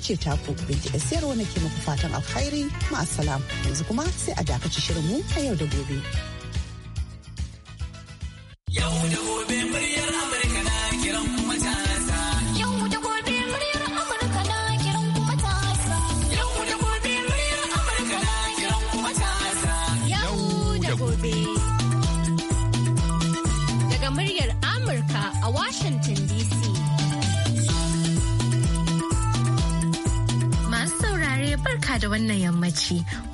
ni ce taku binti esiyar wani ke muku fatan alkhairi ma'asalam yanzu kuma sai a dakaci shirinmu a yau da gobe.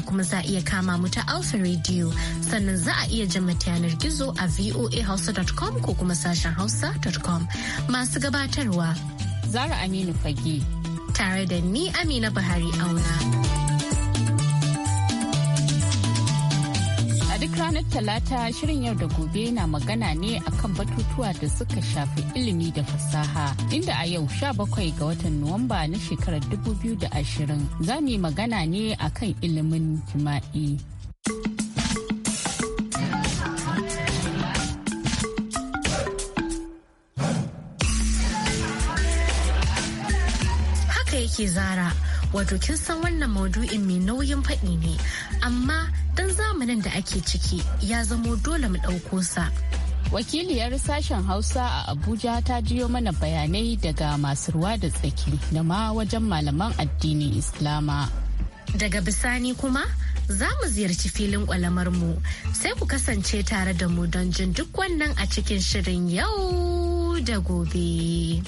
Ghana kuma za a iya kama mu ta Alpha Radio sannan za a iya jama ta yanar gizo a voahausa.com ko kuma sashen hausa.com masu gabatarwa. Zara Aminu Fage. Tare da ni Amina Buhari Auna. duk ranar Talata shirin yau da gobe na magana ne akan batutuwa da suka shafi ilimi da fasaha. Inda a yau 17 ga watan Nuwamba na shekarar 2020 za mu yi magana ne akan ilimin jima'i. Haka yake zara. wato kin san wannan maudu'in mai nauyin faɗi ne amma dan zamanin da ake ciki ya zamo dole mu ɗauko sa. wakiliyar sashen hausa a abuja ta jiyo mana bayanai daga masu ruwa da tsaki da ma wajen malaman addinin islama daga bisani kuma za mu ziyarci filin kwalamar mu sai ku kasance tare da mu don jin duk wannan a cikin shirin yau da gobe.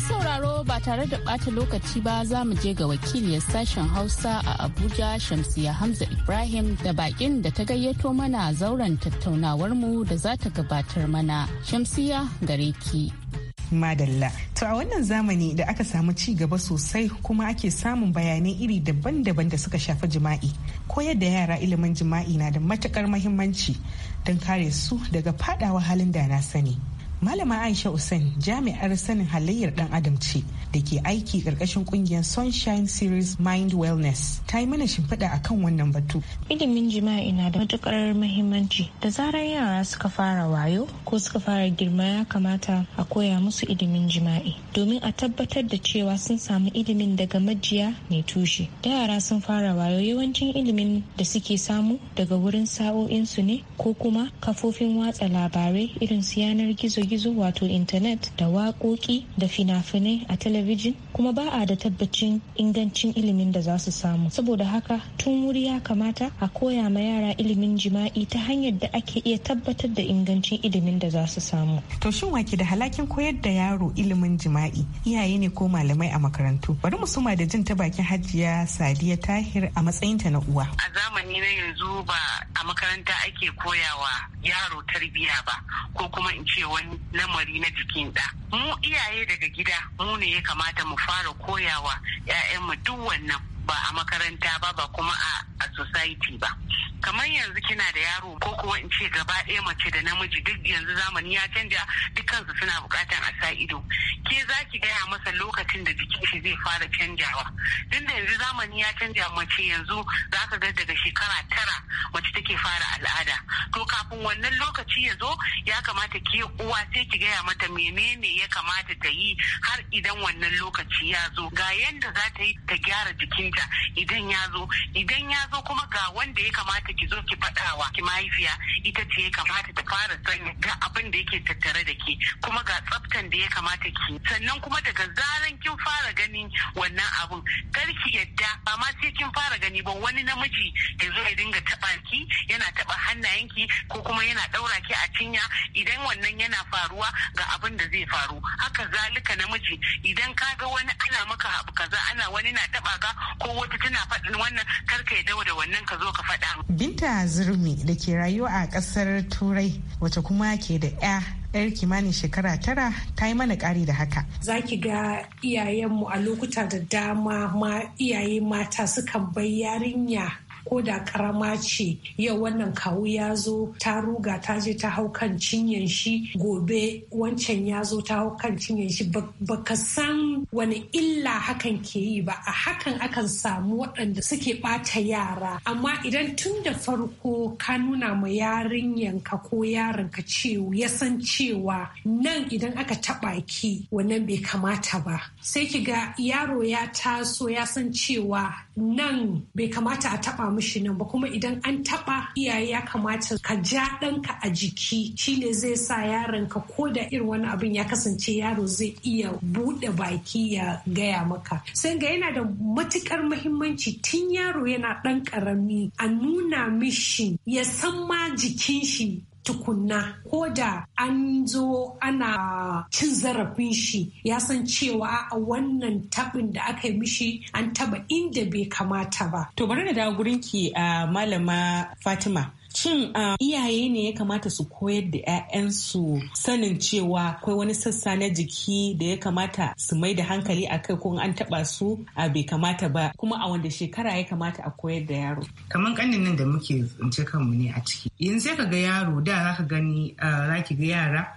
Masu sauraro ba tare da bata lokaci ba za mu je ga wakiliyar sashen Hausa a Abuja Shamsiya Hamza Ibrahim da bakin da ta gayyato mana zauren tattaunawar mu da za ta gabatar mana. Shamsiya gare ki. madalla. To a wannan zamani da aka samu ci gaba sosai kuma ake samun bayanai iri daban-daban da suka shafi jima'i. Koyar da yara ilimin jima'i na da matukar mahimmanci don kare su daga fadawa halin da na sani. Malama Aisha Hussein jami'ar sanin halayyar dan adam ce da ke aiki karkashin kungiyar Sunshine Series Mind Wellness ta yi mana shimfiɗa a kan wannan batu. Ilimin jima'i na da matuƙar muhimmanci da zarar yara suka fara wayo ko suka fara girma ya kamata a koya musu ilimin jima'i domin a tabbatar da cewa sun samu ilimin daga majiya mai tushe. Da yara sun fara wayo yawancin ilimin da suke samu daga wurin sa'o'insu ne ko kuma kafofin watsa labarai irin su yanar gizo gizo wato intanet da waƙoƙi da fina-finai a talabijin kuma ba a da tabbacin ingancin ilimin da za su samu saboda haka tun wuri ya kamata a koya ma yara ilimin jima'i ta hanyar da ake iya tabbatar da ingancin ilimin da za su samu to shin wake da halakin koyar da yaro ilimin jima'i iyaye ne ko malamai a makarantu bari mu suma da jin ta bakin hajiya sadiya tahir a matsayin ta na uwa a zamani na yanzu ba a makaranta ake koyawa yaro tarbiyya ba ko kuma in ce wani lamari na jikin ɗa. Mu iyaye daga gida mu ne ya kamata mu fara koyawa 'ya'yanmu duk wannan ba a makaranta ba ba kuma a society ba kamar yanzu kina da yaro ko kuma in ce gaba ɗaya mace da namiji duk yanzu zamani ya canja dukkansu suna bukatan a sa ido ke za ki gaya masa lokacin da jikin shi zai fara canjawa tun da yanzu zamani ya canja mace yanzu za ka ga daga shekara tara mace take fara al'ada to kafin wannan lokaci ya zo ya kamata ke uwa sai ki gaya mata menene ya kamata ta yi har idan wannan lokaci ya zo ga yanda za ta yi ta gyara jikinta da idan ya zo idan ya zo kuma ga wanda ya kamata ki zo ki faɗawa ki mahaifiya ita ce ya kamata ta fara sanya ga abin da yake tattare da ke kuma ga tsaftan da ya kamata ki sannan kuma daga zaran kin fara gani wannan abin kar ki yadda ba ma sai kin fara gani ba wani namiji ya zo ya dinga taba ki yana taɓa ki ko kuma yana ɗaura ki a cinya idan wannan yana faruwa ga abin da zai faru haka zalika namiji idan ka ga wani ana maka abu kaza ana wani na taɓa ka ko ko wata tana faɗin wannan kar ka dawo da wannan ka zo ka faɗa. Binta Zurmi da ke rayuwa a ƙasar Turai wacce kuma ke da 'ya yar kimanin shekara tara ta yi mana ƙari da haka. Za ki ga iyayenmu a lokuta da dama ma iyaye mata sukan bai yarinya ko da karama ce yau wannan kawu ya zo ta ruga ta je ta hau kan cinyan shi gobe wancan ya zo ta hau kan cinyan shi baka san wani illa hakan ke yi ba a hakan akan samu waɗanda suke ɓata yara amma idan tun da farko ka nuna ma ka ko yaron cewa ya san cewa nan idan aka taɓa ki wannan bai kamata ba sai ki ga yaro ya taso ya san cewa nan bai kamata a taɓa mishi nan ba kuma idan an taba iyaye ya kamata ka ja ɗanka a jiki shi ne zai sa yaron ka ko da irin wani abin ya kasance yaro zai iya buɗe baki ya gaya maka sai ga yana da matukar muhimmanci tun yaro yana ɗan ƙarami a nuna mishi ya san ma jikin shi tukunna ko da an zo ana cin zarafin shi ya san cewa a wannan tabin da aka yi mishi an taba inda bai kamata ba to bari na dawo gurinki a ah, malama fatima cin a iyaye ne ya kamata su koyar da 'ya'yansu sanin cewa akwai wani sassa na jiki da ya kamata su mai da hankali a kai ko an taba su a bai kamata ba kuma a wanda shekara ya kamata a koyar da yaro kamar kanin nan da muke tsince kanmu ne a ciki yanzu sai ka ga yaro da za ka gani za ki ga yara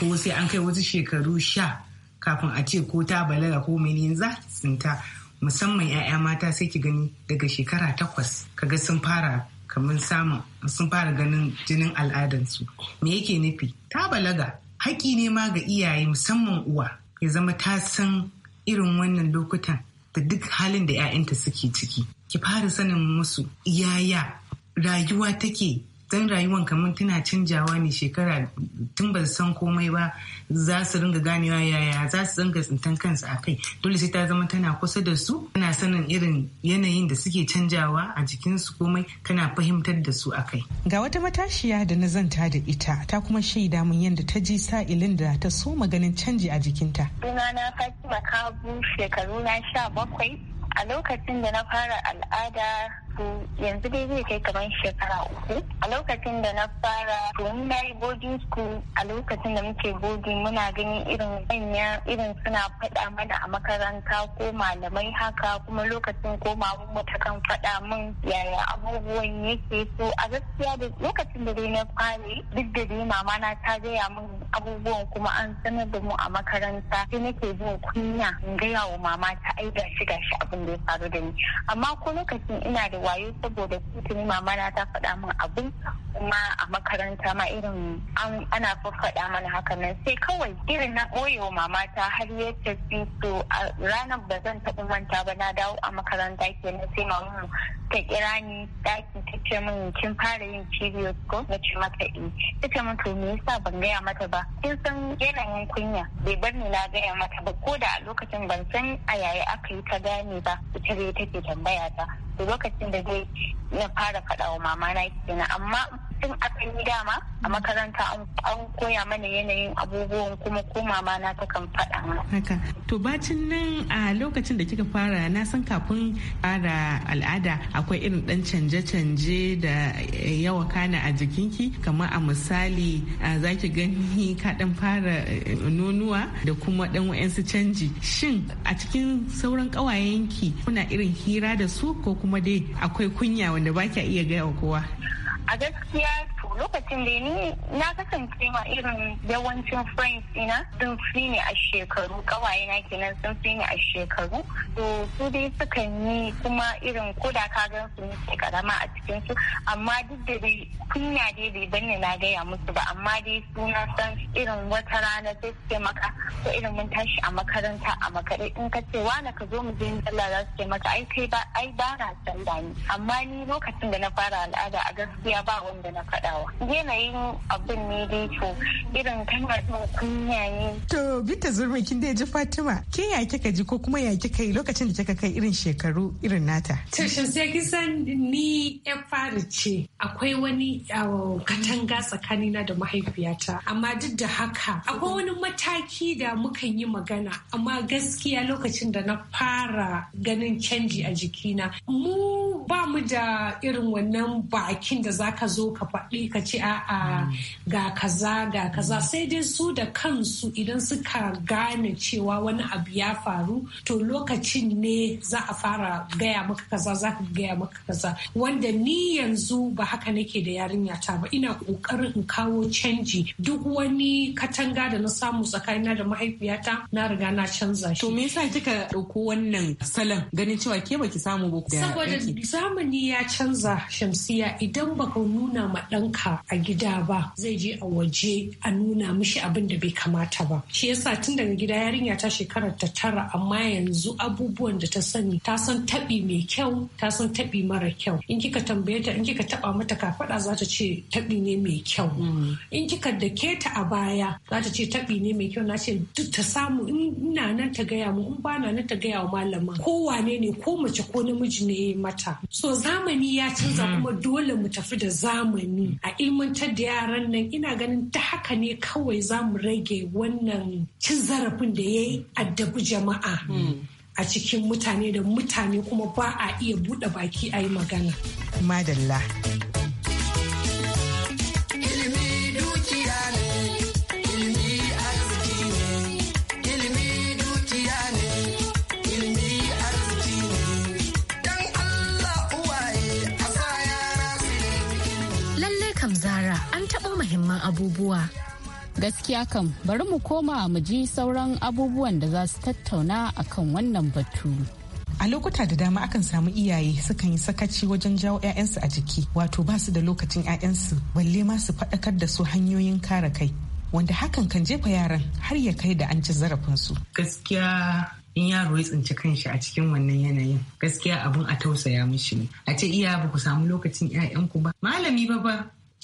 ko sai an kai wasu shekaru sha kafin a ce ko ta balaga ko mene za tsinta musamman 'ya'ya mata sai ki gani daga shekara takwas ka ga sun fara kamar samun sun fara ganin jinin al'adansu me yake nufi ta balaga haƙi ne ma ga iyaye musamman uwa ya zama ta san irin wannan lokutan da duk halin da 'ya'yanta suke ciki ki fara sanin musu yaya rayuwa take dan rayuwan kamar tana canjawa ne shekara tun ba san komai ba za su ringa ganewa yaya za su ringa tsintan kansu a kai dole sai ta zama tana kusa da su tana sanin irin yanayin da suke canjawa a jikinsu komai tana fahimtar da su a kai ga wata matashiya da na zanta da ita ta kuma shaida mun yadda ta ji sa'ilin da ta so maganin canji a jikinta sunana fatima kabu shekaru na sha bakwai a lokacin da na fara al'ada yanzu yanzu dai zai kai kamar shekara uku a lokacin da na fara domin na yi boarding school a lokacin da muke boarding muna ganin irin manya irin suna faɗa mana a makaranta ko malamai haka kuma lokacin ko mamu ta kan faɗa min yaya abubuwan yake so a gaskiya da lokacin da dai na fare duk da dai mama na ta gaya min abubuwan kuma an sanar da mu a makaranta sai nake jin kunya in gaya wa mama ta ai gashi gashi abin da ya faru da ni amma ko lokacin ina da Waye saboda kutuni mamana ta faɗa min abin kuma a makaranta ma irin ana faɗa mana haka nan sai kawai irin na ɓoyewa mama ta har ya tafi so a ranar ba zan taɓa manta ba na dawo a makaranta kenan sai mamu ta kira ni ɗaki ta ce min kin fara yin cibiyar ko na ce mata in eh. ta ce min to me yasa ban gaya mata ba kin san yanayin kunya bai bar ni na gaya mata ba ko da a lokacin ban san a yaya aka yi ta gane ba ita dai take tambaya ta lokacin da dai na fara faɗa wa mama na kenan amma tun aka yi dama a makaranta an koya mana yanayin abubuwan kuma ko mama na ta kan faɗa Haka. To bacin nan a lokacin da kika fara na san kafin fara al'ada akwai irin ɗan canje-canje da yawa kana a jikinki kamar a misali za ki gani ka ɗan fara eh, nonuwa da kuma ɗan wa'yansu canji. Shin a cikin sauran kawayenki kuna irin hira da su ko kuma dai akwai kunya wanda ba iya gaya wa kowa? a gaskiya lokacin da ni na kasance ma irin yawancin friends ina sun fi ne a shekaru kawaye na kenan sun fi ne a shekaru to su dai suka yi kuma irin koda ka gan su ne karama a cikin su amma duk da dai kunya dai bai banne na gaya musu ba amma dai su na san irin wata rana sai su ce maka ko irin mun tashi a makaranta a makare in ka ce wani ka zo mu je sallah za su ce maka ai kai ba ai ba na ni amma ni lokacin da na fara al'ada a gaskiya ba wanda na faɗawa yanayin abin ne dai to irin tana da kunya ne. To Binta Zurmi kin dai ji Fatima ke ya kika ji ko kuma ya kika yi lokacin da kika kai irin shekaru irin nata. To shin sai kisan ni ya fara ce akwai wani ah, katanga tsakanina da mahaifiyata amma duk da haka akwai wani mataki da mukan yi magana amma gaskiya lokacin da na fara ganin canji a jikina mu ba mu da irin wannan bakin da zaka zo ka faɗi suka ce a'a ga kaza ga kaza sai dai su da kansu idan suka gane cewa wani abu ya faru to lokacin ne za a fara gaya maka kaza za ka gaya maka kaza wanda ni yanzu ba haka nake da yarinya ta ba ina kokarin in kawo canji duk wani katanga da na samu tsakanina da mahaifiyata na riga na canza shi to me yasa kika dauko wannan salon ganin cewa ke baki samu ba saboda zamani ya canza shamsiya idan baka nuna ma ɗanka haka a gida ba zai je a waje a nuna mishi abin da bai kamata ba shi yasa tun daga gida yarinya ta shekarar ta tara amma yanzu abubuwan da ta sani ta san tabi mai kyau ta san tabi mara kyau in kika tambaye ta in kika taɓa mata kafaɗa za ta ce tabi ne mai kyau mm. in kika dake ta a baya za ta ce tabi ne mai kyau na ce duk ta samu ina nan ta gaya mu in bana nan ta gaya wa malama ko wane ne ko mace ko namiji ne mata so zamani ya canza mm. kuma dole mu tafi da zamani a ilmantar da yaran nan ina ganin ta haka ne kawai za mu rage wannan cin zarafin da ya yi addabi jama'a a cikin mutane da mutane kuma ba a iya buɗe baki a yi magana. Madalla. gaskiya kan bari mu koma mu ji sauran abubuwan da za su tattauna kan wannan batu. a lokuta da dama akan samu iyaye sukan yi sakaci wajen jawo 'ya'yansu a jiki wato ba su da lokacin 'ya'yansu balle ma su faɗakar da su hanyoyin kare kai wanda hakan kan jefa yaran har ya kai da an ci zarafinsu gaskiya in yaro ya tsinci kanshi a cikin wannan yanayin gaskiya abun a tausaya mishi ne a ce iya ba ku samu lokacin 'ya'yanku ba malami ba ba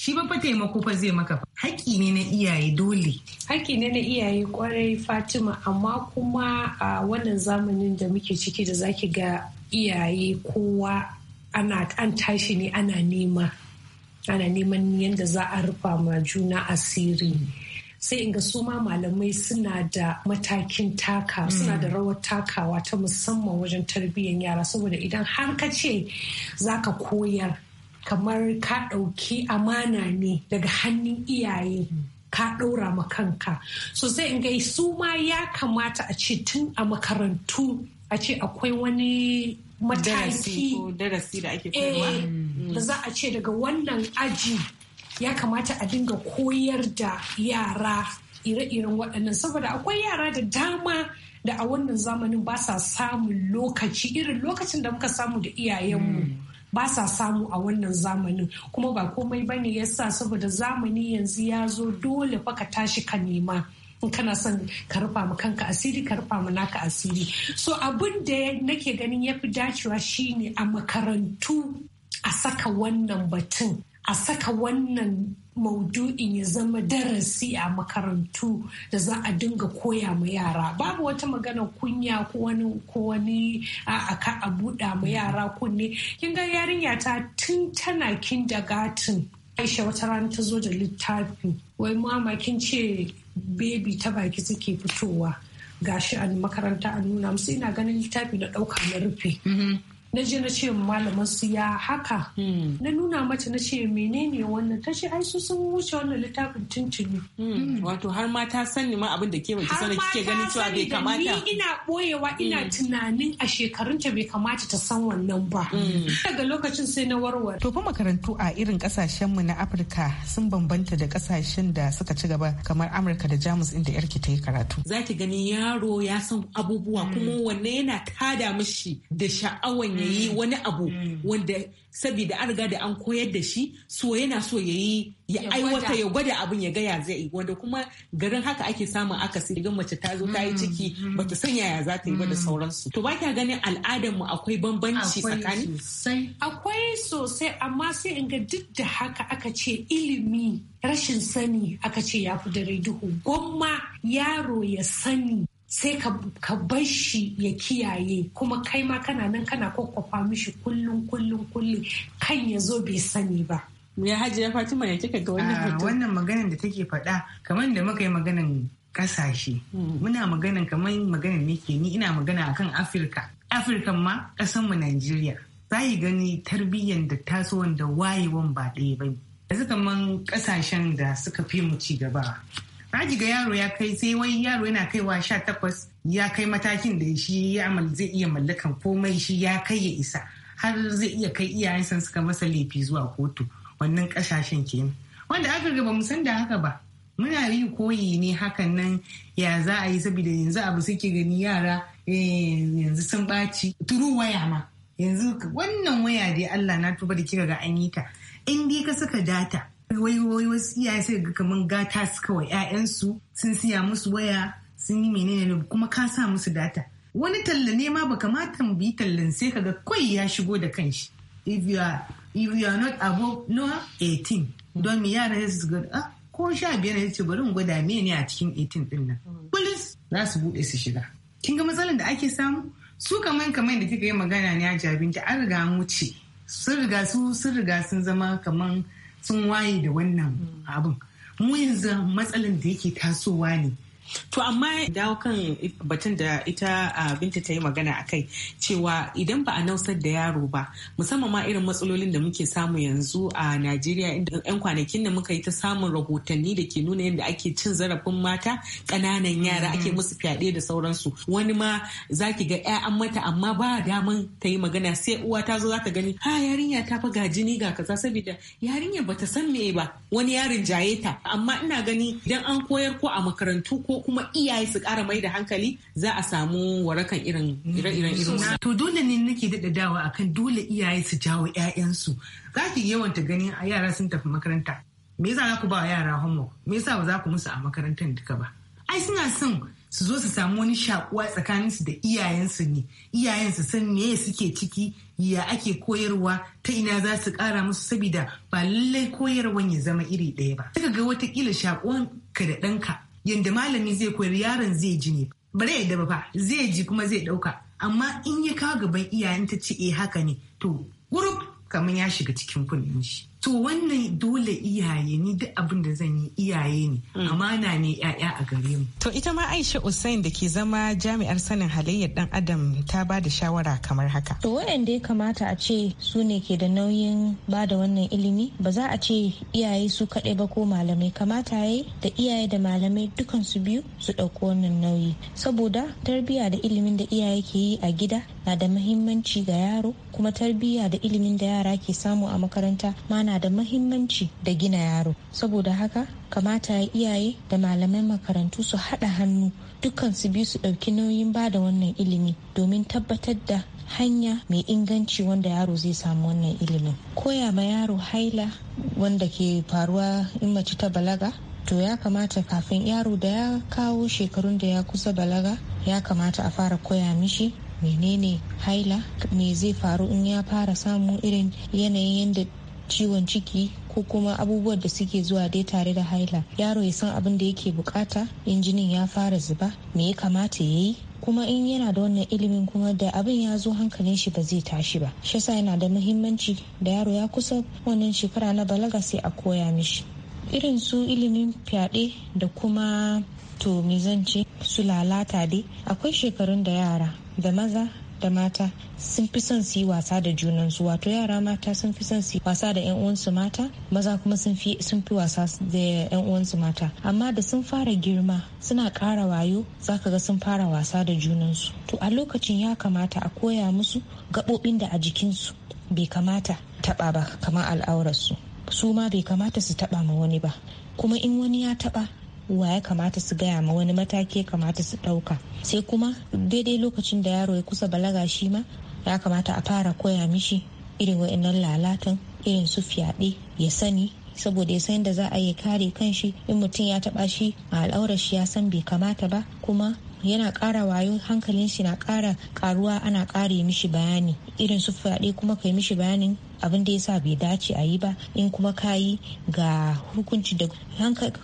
shi ba fa taimako fa zai maka haƙƙi ne na iyaye dole haƙƙi ne na iyaye kwarai fatima amma kuma a wannan zamanin da muke ciki da zaki ga iyaye kowa ana an tashi ne ana nema ana neman yadda za a rufa ma juna asiri sai in ga su ma malamai suna da matakin taka mm. suna da rawar takawa ta musamman wajen tarbiyyar yara saboda idan har ka ce za ka koyar kamar ka ɗauki amana ne daga hannun iyaye ka ɗora ma kanka so sai in gai su ma ya kamata a ce tun a makarantu a ce akwai wani mataki darasi da ake koyarwa eh, da za a ce daga wannan aji ya kamata a dinga koyar da yara ire-iren waɗannan saboda akwai yara da dama da a wannan zamanin ba sa samun lokaci irin lokacin da muka samu da iyayenmu. Mm. ba sa samu a wannan zamanin kuma ba komai bane sa saboda zamani yanzu ya zo dole fa ka tashi ka nema in kana son ka rufa mu kanka asiri ka rufa mu naka asiri so abin da nake ganin ya fi dacewa shine a makarantu a saka wannan batun a saka wannan maudu'in ya zama darasi a makarantu da za a dinga koya ma yara babu wata magana kunya ko wani ko a ka a buɗa ma yara kunne kin ga yarinya ta tun tana kindergarten Aisha wata rana ta zo da littafi wai mama kin ce baby ta baki suke fitowa gashi a makaranta a nuna musu ina ganin littafi na ɗauka na rufe mm-hmm. na ji na ce malamin su ya haka hmm. na nuna mata na ce menene wannan ta ce ai su sun wuce wannan littafin tuntuni hmm. wato har ma ta sani ma abin da ke baki sanar kike ganin cewa bai kamata har ma ta ni ina boyewa ina hmm. tunanin a shekarun ta bai kamata ta san wannan ba daga lokacin sai na warware to fa makarantu a irin kasashen mu na Afirka sun bambanta da kasashen da suka ci gaba kamar Amurka da Jamus inda yarki ta yi karatu zaki gani yaro ya san abubuwa kuma wanne yana tada mishi da sha'awan ya yi mm. wani abu mm. wanda saboda an riga da an koyar da shi so yana so ya yi ya aiwata ya gwada abin ya gaya zai yi wanda kuma garin haka ake samun akasi Idan mace ta zo ta yi mm. ciki bata san yaya za ta yi ba da sauransu to baki ganin al'adar mu akwai bambanci tsakani akwai sosai amma sai in ga duk da haka aka ce ilimi rashin sani aka ce ya fi dare duhu gwamma yaro ya sani sai ka bar shi ya kiyaye kuma kai ma kana nan kana kwakwafa mishi kullum kullum kullum kan ya zo bai sani ba ya hajiya fatima ya kika ga wannan ah, hoto wannan maganan da take faɗa kamar da muka yi maganan kasashe hmm. muna maganan kamar maganan nake ni ina magana akan afirka afirka ma mu najeriya za yi gani tarbiyyar da taso da wayewan ba ɗaya ba yanzu kamar kasashen da suka fi mu ci gaba aji ga yaro ya kai sai wai yaro yana kaiwa sha takwas ya kai matakin da shi ya amal zai iya mallakan komai shi ya kai ya isa har zai iya kai iyayensa suka masa laifi zuwa kotu wannan kasashen kenan wanda aka ga ba mu san da haka ba muna yi koyi ne hakan nan ya za a yi saboda yanzu abu suke gani yara eh, yanzu sun ɓaci turu waya ma yanzu wannan waya dai Allah na tuba da kika ga an yi ta in dai ka suka data wai wai wasu iyaye sai ga kaman gata su kawai 'ya'yansu sun siya musu waya sun yi menene kuma ka sa musu data wani talla ne ma ba kamata mu bi tallan sai ka ga kai ya shigo da kanshi if you are if you are not above no 18 don mi yara su ga ah ko sha biyar ne ce bari in gwada me ne a cikin 18 din nan police mm. za su bude su shiga kin ga matsalar da ake samu su kaman kaman da kika yi magana ne a jabinta an riga an wuce sun riga su sun riga sun zama kaman sun waye da wannan mm. abin mu yanzu matsalan da yake tasowa ne To amma dawo kan batun da ita ah, binta ta yi magana a kai cewa idan ba a nausar da yaro ba musamman ma irin matsalolin da muke samu yanzu a Najeriya inda 'yan kwanakin da muka yi ta samun rahotanni da ke nuna yadda ake cin zarafin mata ƙananan yara ake mm-hmm. musu fyaɗe da sauransu wani ma za ki ga 'ya'yan mata amma ba daman ta yi magana sai uwa ta zo za ta gani ha yarinya ta fa ga jini ga kaza saboda yarinya bata san me ba wani yarin jaye ta amma ina gani idan an koyar ko a makarantu ko kuma iyaye su ƙara mai da hankali za a samu warakan irin irin irin irin to dole ne nake dawa akan dole iyaye su jawo 'ya'yansu za ki yawanta ganin a yara sun tafi makaranta me yasa za ku ba yara homework me yasa ba za ku musu a makarantar duka ba ai suna son su zo su samu wani shakuwa tsakaninsu da iyayensu ne Iyayensu sun san me suke ciki ya ake koyarwa ta ina za su kara musu saboda ba lallai koyarwan ya zama iri ɗaya ba suka ga watakila shakuwan ka da ɗanka yadda malami zai koyar yaron zai ji ne bare ya daba ba zai ji kuma zai dauka amma in ya kawo gaban iyayen ta ce eh haka ne to gurup kamar ya shiga cikin kunnen shi to wannan dole iyaye ni duk abin da zan yi iyaye ne mm. amana ne yaya a gare mu to ita ma Aisha Usain da ke zama jami'ar sanin halayyar dan adam ta ba da shawara kamar haka to waɗanda ya kamata a ce su ne ke da nauyin ba da wannan ilimi ba za a ce iyaye su kaɗai ba ko malamai kamata yayi da iyaye da malamai dukan su biyu su ɗauko wannan nauyi saboda tarbiyya da ilimin da iyaye ke yi a gida na da muhimmanci ga yaro kuma tarbiyya da ilimin da yara ke samu a makaranta mana yana da mahimmanci da gina yaro saboda haka kamata ya iyaye da malaman makarantu su haɗa hannu dukkan su biyu su ɗauki nauyin ba da wannan ilimi domin tabbatar da hanya mai inganci wanda yaro zai samu wannan ilimin koya ma yaro haila wanda ke faruwa in mace ta balaga to ya kamata kafin yaro da ya kawo shekarun da ya kusa balaga ya kamata a fara koya mishi menene haila me zai faru in ya fara samu irin yanayin yadda ciwon ciki ko kuma abubuwan da suke zuwa dai tare da haila yaro ya san abin da yake bukata injinin ya fara zuba me ya kamata ya yi kuma in yana da wannan ilimin kuma da abin ya zo hankalin shi ba zai tashi ba shi yana da muhimmanci da yaro ya kusa wannan shekara na balaga sai a koya mishi irin su ilimin fyaɗe da kuma to me zan ce su lalata dai akwai shekarun da yara da maza da mata sun fi son su yi wasa da junansu wato yara mata sun fi son su yi wasa da 'yan uwansu mata maza kuma sun fi wasa da 'yan uwansu mata amma da sun fara girma suna kara wayo zaka ga sun fara wasa da junansu to a lokacin ya kamata a koya musu gaɓoɓin da a jikinsu bai kamata taɓa ba kamar al'aurarsu su ma bai kamata su taɓa ma wani ba kuma in wani ya taɓa wa ya kamata su gaya ma wani mataki ya kamata su ɗauka sai kuma daidai lokacin da yaro ya kusa balaga shi ma ya kamata a fara koya mishi irin wa'annan lalatan irin su fyaɗe ya sani saboda ya san da za a yi kare kanshi in mutum ya taɓa shi a al'aurar shi ya san bai kamata ba kuma yana ƙara wayo hankalin shi na ƙara ƙaruwa ana ƙare mishi bayani irin su fyaɗe kuma kai mishi bayanin abin da ya sa bai dace a yi ba in kuma ka yi ga hukunci da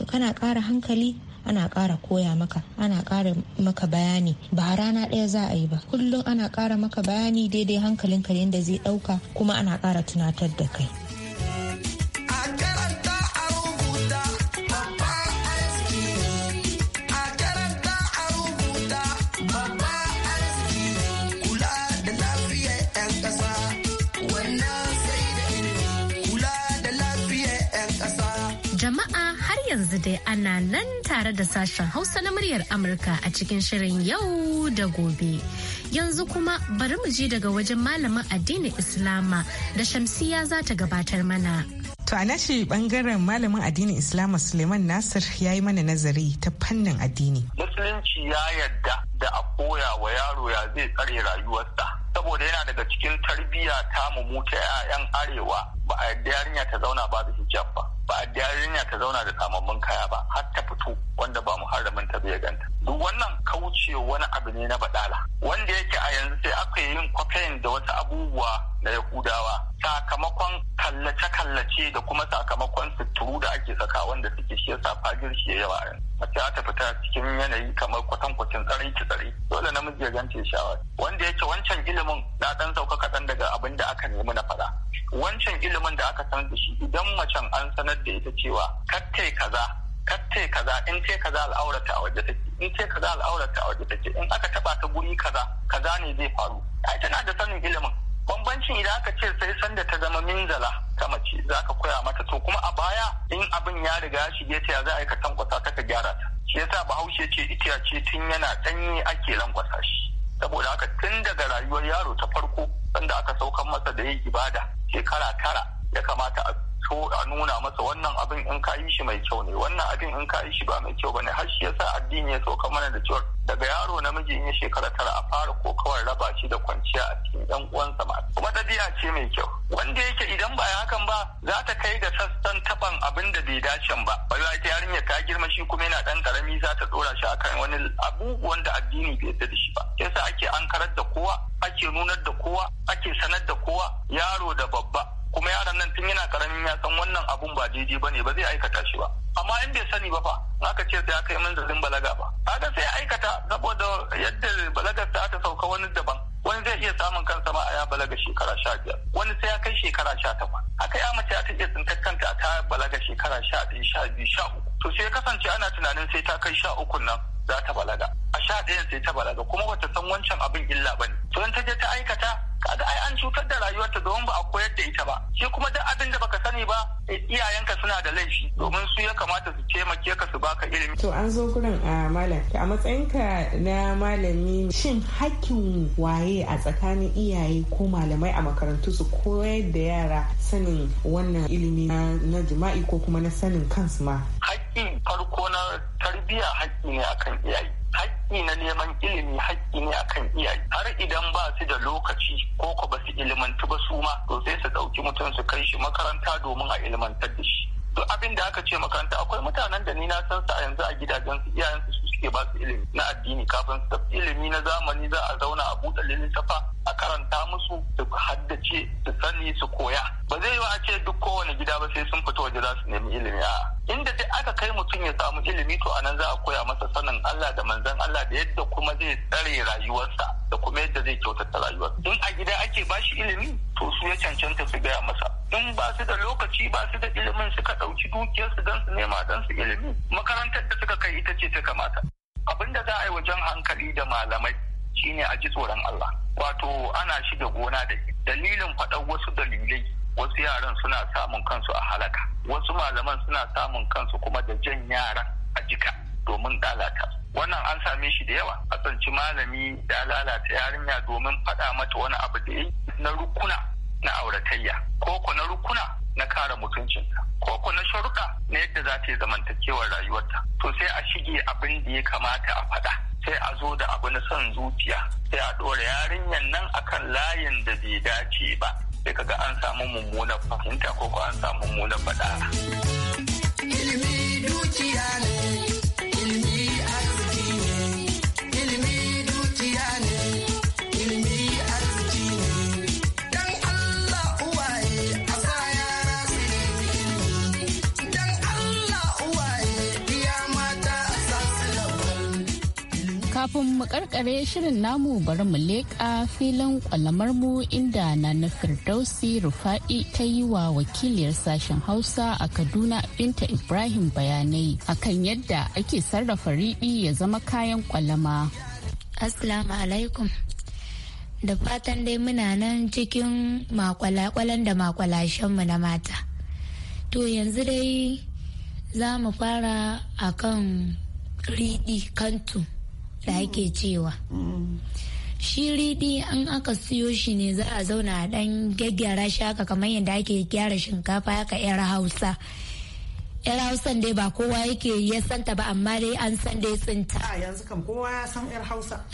kana ƙara hankali ana kara koya maka ana kara maka bayani ba rana ɗaya za a yi ba kullum ana ƙara maka bayani daidai hankalinka yadda zai ɗauka kuma ana ƙara tunatar da kai yanzu dai ana nan tare da sashen Hausa na muryar Amurka a cikin shirin yau da gobe. Yanzu kuma bari mu ji daga wajen malamin addinin Islama da Shamsiya za ta gabatar mana. To a nashi bangaren malamin addinin Islama Suleiman Nasir ya yi mana nazari ta fannin addini. Musulunci ya yarda da a koya wa yaro ya zai tsare rayuwarsa. Saboda yana daga cikin tarbiyya ta mu ta 'ya'yan arewa ba a yarda yarinya ta zauna ba da hijab ba. ba a yarinya ta zauna da samammun kaya ba har ta fito wanda ba mu muharramin ta bai ganta duk wannan kauce wani abu ne na badala wanda yake a yanzu sai aka yi yin kwafayin da wasu abubuwa na yahudawa sakamakon kallace-kallace da kuma sakamakon suturu da ake saka wanda suke shi yasa fagir shi yawa mace aka fita cikin yanayi kamar kwatankwacin ki tsare dole namiji ya gance shawar wanda yake wancan ilimin na dan sauka kaɗan daga abin da aka nemi na faɗa wancan ilimin da aka san da shi idan macen an sanar da ita cewa katte kaza katte kaza in ce kaza al'aurata a waje take in ce kaza al'aurata a waje take in aka taba ta guri kaza kaza ne zai faru ai tana da sanin ilimin bambancin idan aka ce sai sanda ta zama minzala ta mace za ka koya mata to kuma a baya in abin ya riga ya shige ta ya za a yi ka tankwasa ta ka gyara ta shi sa bahaushe ce itiya ce tun yana ɗanye ake lankwasa shi saboda haka tun daga rayuwar yaro ta farko sanda aka saukan masa da yin ibada shekara tara ya kamata a so a nuna masa wannan abin in ka yi shi mai kyau ne wannan abin in ka yi shi ba mai kyau bane har shi yasa addini ya sauka mana da cewa daga yaro namiji in ya shekara tara a fara ko kawai raba shi da kwanciya a cikin yan uwansa ma kuma ɗabi'a ce mai kyau wanda yake idan ba hakan ba za ta kai ga sassan taban abin da bai dace ba ba za ta yarinya ta girma shi kuma yana dan karami za ta dora shi akan wani abubuwan da addini bai yarda da shi ba yasa ake ankarar da kowa ake nunar da kowa ake sanar da kowa yaro da babba kuma yaron nan tun yana karamin ya san wannan abun ba daidai ba ne ba zai aikata shi ba amma in bai sani ba fa aka ce sai aka yi manzalin balaga ba kaga sai aikata saboda yadda balagar ta aka sauka wani daban wani zai iya samun kansa ma a ya balaga shekara sha biyar wani sai ya kai shekara sha takwas haka ya mace ta iya tsintar kanta a ta balaga shekara sha ɗaya sha biyu sha uku to sai ya kasance ana tunanin sai ta kai sha ukun nan za ta balaga a sha ɗaya sai ta balaga kuma bata san wancan abin illa bane to in ta je ta aikata kaga ai an cutar da rayuwarta domin ba a koyar da ita ba shi kuma duk abin da baka sani ba eh, iyayenka suna da laifi domin su ya kamata su taimake ka su baka ilimi to an zo gurin a ah, malam a matsayinka na malami shin hakkin waye a tsakanin iyaye ko malamai a makarantu su koyar da yara sanin wannan ilimi na jima'i ko kuma na sanin kansu ma hakkin farko na tarbiya haƙƙi ne akan iyaye haƙƙi na neman ilimi haƙƙi ne akan iyaye har idan ba su da lokaci ko ko ba su ilimantu ba su ma to sai su ɗauki mutum su kai shi makaranta domin a ilimantar da shi duk abin da aka ce makaranta akwai mutanen da ni na san su a yanzu a gidajen su iyayen su suke ba su ilimi na addini kafin su tafi ilimi na zamani za a zauna a buɗe littafa a karanta musu su haddace su sani su koya ba zai yi a ce duk kowane gida ba sai sun fito waje za su nemi ilimi a inda dai aka kai mutum ya samu ilimi to anan za a koya masa sanin Allah da manzon Allah da yadda kuma zai tsare rayuwarsa da kuma yadda zai kyautata rayuwarsa in a gida ake ba shi ilimi to su ya cancanta su gaya masa in ba su da lokaci ba su da ilimin suka ɗauki dukiyarsu don su nema don su ilimi makarantar da suka kai ita ce ta kamata abin da za a yi wajen hankali da malamai shine a ji tsoron Allah wato ana shiga gona da dalilin faɗar wasu dalilai wasu yaran suna samun kansu a halaka wasu malaman suna samun kansu kuma da jan yara a jika domin lalata wannan an same shi da yawa a tsanci malami da lalata yarinya domin faɗa mata wani abu da ya na rukuna na auratayya ko ko na rukuna na kara mutuncinta ko ko na sharuɗa na yadda za ta yi zamantakewar rayuwarta to sai a shige abin da ya kamata a faɗa sai a zo da abu na son zuciya sai a ɗora yarinyar nan akan layin da bai dace ba sai kaga an samu mummunan fahimta ko ko an samu mummunan faɗa. Kafin mu karkare shirin namu bari mu leƙa filin mu inda na Firdausi Rufa'i ta yi wa wakiliyar sashen Hausa a Kaduna Binta Ibrahim bayanai akan yadda ake sarrafa riɗi ya zama kayan kwalama. Assalamu alaikum. Da fatan dai muna nan cikin makwalakwalan da mu na mata. To yanzu dai za mu fara akan riɗi kantu. da ake cewa shi riɗi an aka siyo shi ne za a zauna a ɗan gyaggyara shi haka kamar yadda ake gyara shinkafa haka yar hausa yar hausan dai ba kowa yake ya santa ba amma dai an san dai tsinta a yanzu kam kowa ya san yar hausa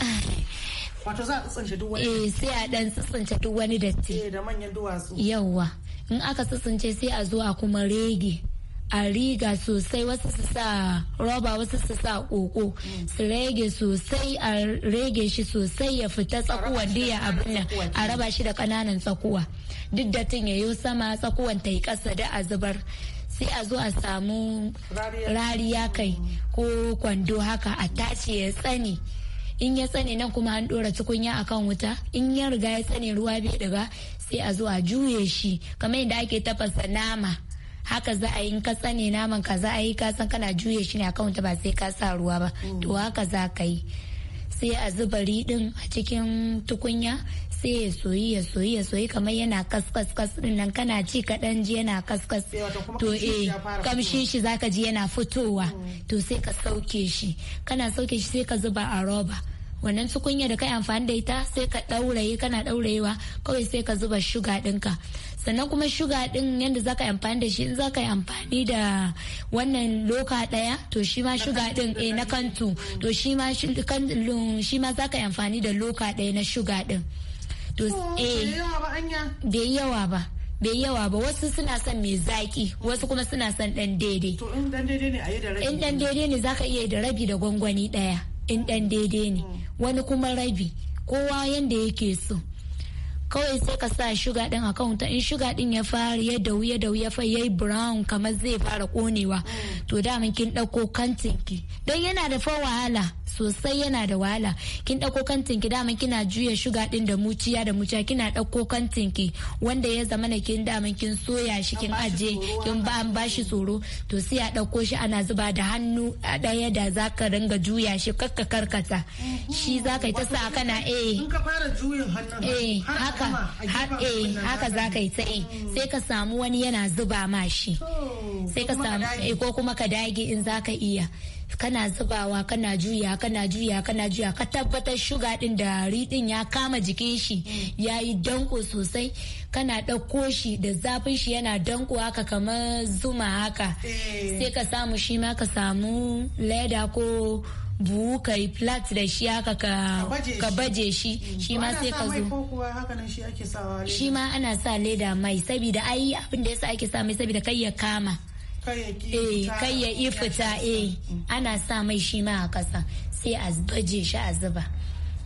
wato za a tsince duk wani eh sai a ɗan tsince duk wani datti eh da manyan duwatsu yawa in aka tsince sai a zo a kuma rege a riga sosai wasu su sa roba wasu su sa koko su rage sosai a rage shi sosai ya fita tsakuwa diya abin a raba shi da kananan tsakuwa duk da tun yayo sama tsakuwan ta yi kasa da a zubar sai a zo a samu rariya kai ko kwando haka a tashi ya tsani in ya tsani nan kuma an dora tukunya a kan wuta in ya riga ya tsane ruwa bai daga sai a zo a juye shi kamar yadda ake tafasa nama haka za a yi ka tsane naman ka za a yi ka san kana juye shi ne akan ba sai ka sa ruwa ba mm. to haka za ka yi sai a zuba riɗin a cikin tukunya sai ya soyi ya soyi ya soyi kamar yana kaskas kas nan kana ci kaɗan ji yana kaskas eh, to eh kamshin shi eh, zaka ji yana fitowa mm. to sai ka sauke shi kana sauke shi sai ka zuba a roba wannan tukunya da kai amfani da ita sai ka ɗauraye kana ɗaurayewa kawai sai ka zuba shuga ɗinka sannan kuma shuga ɗin yadda za ka yi amfani da shi in za ka yi amfani da wannan loka ɗaya to shi ma shuga ɗin eh na kantu to shi ma shi ma za ka yi amfani da loka ɗaya na shuga ɗin to oh, eh bai yawa ba bai yawa ba wasu suna son mai zaki wasu kuma suna son ɗan daidai. To in ɗan daidai ne a yi da rabi. In ɗan daidai ne za ka iya da rabi da gwangwani ɗaya. in ɗan daidai ne mm. wani kuma rabi kowa yanda yake so kawai sai ka sa shuga din a kawunta in shuga din ya fara ya da ya da ya fara yayi brown kamar zai fara konewa to daman kin dauko kantin ki don yana da fa wahala sosai yana da wahala kin dauko kantin ki daman kina juya shuga din da muciya da muciya kina dauko kantin ki wanda ya zama na kin daman kin soya shi kin aje kin ba an bashi tsoro to sai a dauko shi ana zuba da hannu a daya da zaka ringa juya shi kakka karkata shi zaka ta sa kana eh in ka eh haka eh, haka za ka yi ta sai ka samu wani yana zuba ma shi sai ka samu eh, ko kuma ka dage in za ka iya kana zubawa kana juya kana juya kana juya ka tabbatar shuga din da ɗin ya kama jikin shi mm. ya yi danko sosai kana ɗauko shi da zafin shi yana danko haka kamar zuma haka eh. sai ka samu shi ma ka samu leda ko buhu ka yi flat da shi haka ka baje shi shi ma sai ka zo shi ma ana sa leda mai saboda ai abin da yasa ake sa mai saboda kai ya kama kai ya ifita eh, eh. Mm. ana sa mai shi ma a kasa sai a baje shi a zuba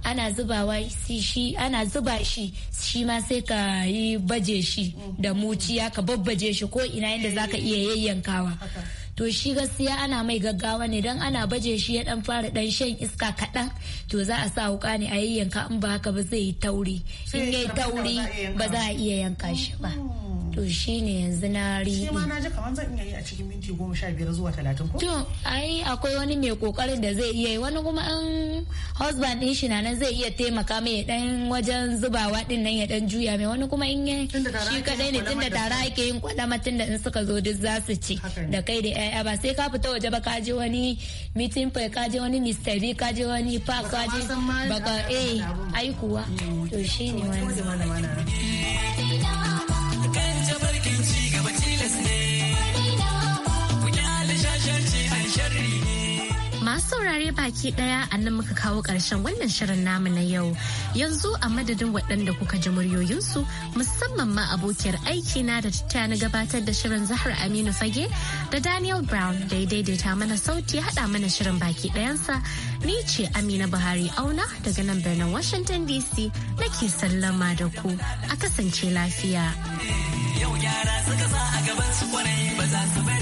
ana zubawa shi ana zuba shi shi ma sai ka yi baje shi mm. da muciya ka babbaje shi ko ina yadda zaka eh. iya yayyankawa okay. to shi gaskiya ana mai gaggawa ne don ana baje shi ya dan fara dan shan iska kaɗan to za a sa wuka ne a yayyanka in ba haka ba zai yi tauri in yayi tauri ba za a iya yanka shi ba oh. to shi ne yanzu na riɗi. Shi ma na ji kamar zan iya yi a cikin minti goma sha biyar zuwa talatin ko? To ai akwai wani mai kokarin da zai iya yi wani kuma an husband ɗin shi na nan zai iya taimaka mai ya ɗan wajen zubawa ɗin nan ya ɗan juya mai wani kuma in yi shi kaɗai ne tunda tara ake yin kwalama tunda in suka zo duk za su ci da kai da 'ya'ya ba sai ka fita waje ba ka je wani meeting fa ka je wani Mr. B ka je wani park ka je baka eh ai kuwa to ne wani Masu saurare baki daya a nan muka kawo ƙarshen wannan shirin namu na yau. Yanzu a madadin waɗanda kuka ji muryoyinsu musamman ma abokiyar aiki na da ta na gabatar da shirin Zahra Aminu Fage da Daniel Brown da ya daidaita mana sauti haɗa mana shirin baki ɗayansa. Ni ce Amina Buhari Auna daga nan birnin Washington DC nake sallama da ku a kasance lafiya. Yau yara suka sa a gaban su kwanayi ba za su